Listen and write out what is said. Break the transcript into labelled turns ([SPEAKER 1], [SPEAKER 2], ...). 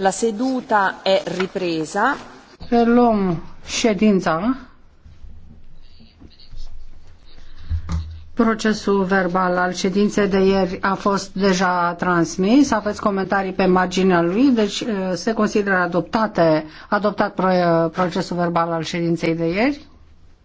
[SPEAKER 1] La seduta è ripresa. Reluăm
[SPEAKER 2] ședința. Procesul verbal al ședinței de ieri a fost deja transmis. Aveți comentarii pe marginea lui, deci eh, se consideră adoptate, adoptat procesul
[SPEAKER 3] verbal al ședinței de ieri.